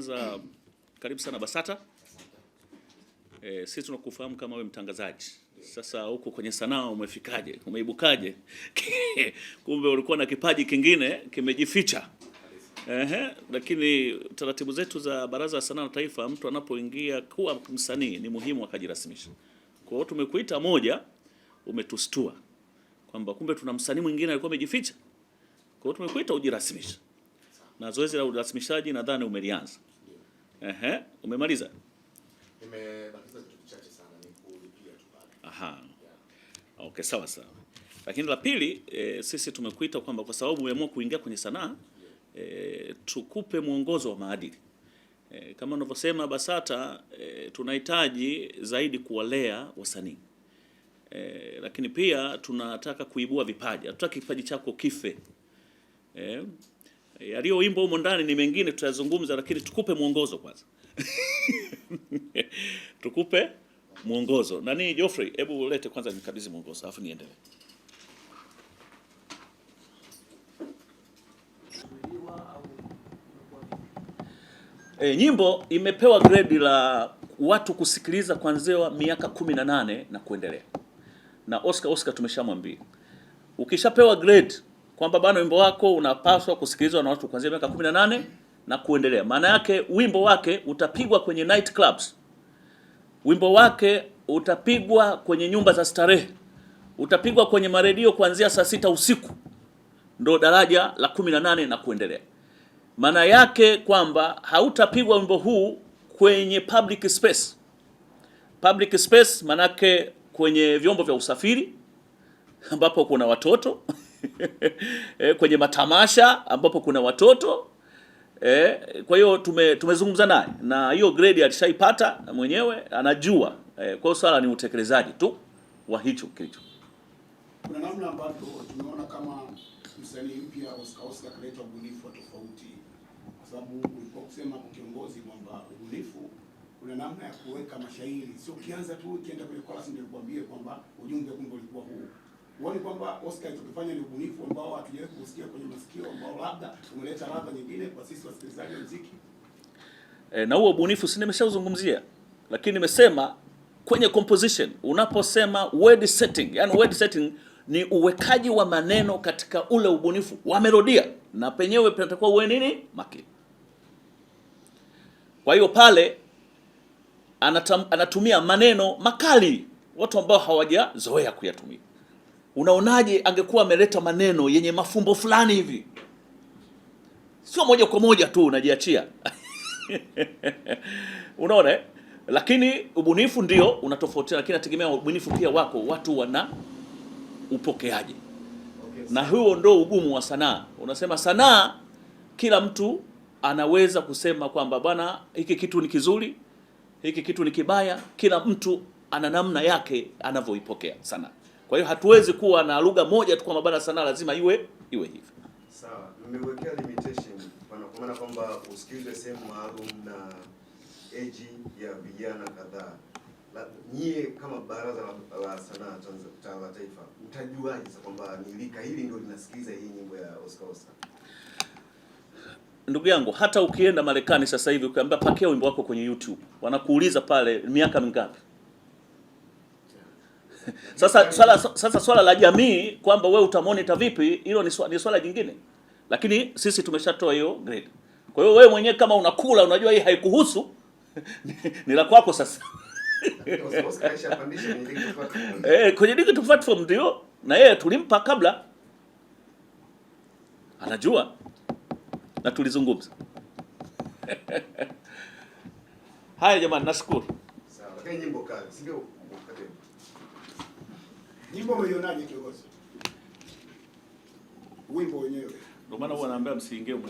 Kwanza karibu sana Basata. E, sisi tunakufahamu kama wewe mtangazaji. Sasa huko kwenye sanaa umefikaje? Umeibukaje? Kumbe ulikuwa na kipaji kingine kimejificha. Ehe, lakini taratibu zetu za Baraza la Sanaa la Taifa, mtu anapoingia kuwa msanii ni muhimu akajirasimisha. Kwa hiyo tumekuita, moja, umetustua kwamba kumbe tuna msanii mwingine alikuwa amejificha. Kwa hiyo tumekuita ujirasimisha na zoezi la urasimishaji nadhani umelianza. Ehe, umemaliza? Nimebakiza kitu sana ni Aha. Yeah. Okay, sawa sawa. Lakini la pili e, sisi tumekuita kwamba kwa sababu umeamua kuingia kwenye sanaa e, tukupe mwongozo wa maadili. E, kama unavyosema BASATA e, tunahitaji zaidi kuwalea wasanii. E, lakini pia tunataka kuibua vipaji. Hatutaki kipaji chako kife. E, yaliyoimbwa eh, humo ndani ni mengine tutayazungumza, lakini tukupe mwongozo kwanza tukupe mwongozo. Nani Geoffrey, hebu ulete kwanza, nikabidhi mwongozo alafu niendelee. E, nyimbo imepewa gredi la watu kusikiliza kuanzia miaka 18 na kuendelea, na Oscar Oscar tumeshamwambia ukishapewa grade kwamba bwana wimbo wako unapaswa kusikilizwa na watu kuanzia miaka 18 na kuendelea. Maana yake wimbo wake utapigwa kwenye night clubs, wimbo wake utapigwa kwenye nyumba za starehe, utapigwa kwenye maredio kuanzia saa sita usiku, ndo daraja la 18 na kuendelea. Maana yake kwamba hautapigwa wimbo huu kwenye public space. Public space maanake kwenye vyombo vya usafiri ambapo kuna watoto e, kwenye matamasha ambapo kuna watoto e, kwa hiyo tume, tumezungumza naye na hiyo grade alishaipata mwenyewe anajua e, kwa hiyo swala ni utekelezaji tu wa hicho kilicho kuna namna ambapo tumeona kama msanii mpya Oscar Oscar kaleta ubunifu tofauti, kwa sababu ulikuwa kusema kwa kiongozi kwamba ubunifu kuna namna ya kuweka mashairi, sio ukianza tu ukienda kwenye chorus ndio kuambie kwamba ujumbe kumbe ulikuwa huu huoni kwamba Oscar tukifanya ni ubunifu ambao hatujawahi kusikia kwenye masikio ambao labda umeleta ladha nyingine kwa sisi wasikilizaji wa muziki? E, na huo ubunifu si nimeshauzungumzia, lakini nimesema kwenye composition unaposema word setting, yani word setting ni uwekaji wa maneno katika ule ubunifu wa melodia, na penyewe penatakuwa uwe nini makini. Kwa hiyo pale anatam, anatumia maneno makali, watu ambao hawajazoea kuyatumia. Unaonaje angekuwa ameleta maneno yenye mafumbo fulani hivi? Sio moja kwa moja tu unajiachia unaona eh? Lakini ubunifu ndio unatofautia lakini nategemea ubunifu pia wako watu wana upokeaji na huo ndo ugumu wa sanaa. Unasema sanaa, kila mtu anaweza kusema kwamba bwana, hiki kitu ni kizuri, hiki kitu ni kibaya. Kila mtu ana namna yake anavyoipokea sanaa. Kwa hiyo hatuwezi kuwa na lugha moja tu, kwa mabana sanaa lazima iwe iwe hivyo. Sawa, mmewekea limitation kwa maana kwamba usikilize sehemu maalum na age ya vijana kadhaa. Nyie kama baraza la, la sanaa la taifa mtajuaje sasa kwamba nilika hili ndio linasikiliza hii nyimbo ya Oscar Oscar? Ndugu yangu, hata ukienda Marekani sasa hivi ukiambia, pakea wimbo wako kwenye YouTube, wanakuuliza pale miaka mingapi? Sasa swala, sasa swala la jamii kwamba we utamonitor vipi, hilo ni swala, ni swala jingine, lakini sisi tumeshatoa hiyo grade. Kwa hiyo wewe mwenyewe kama unakula unajua hii haikuhusu ni la kwako sasa. Eh, kwenye digital platform ndio na yeye tulimpa kabla, anajua na tulizungumza. Haya jamani, nashukuru. Sawa, nyimbo kazi, sio? Nyimbo umeionaje kiongozi? Wimbo wenyewe. Ndio maana huwa naambia msiingie huko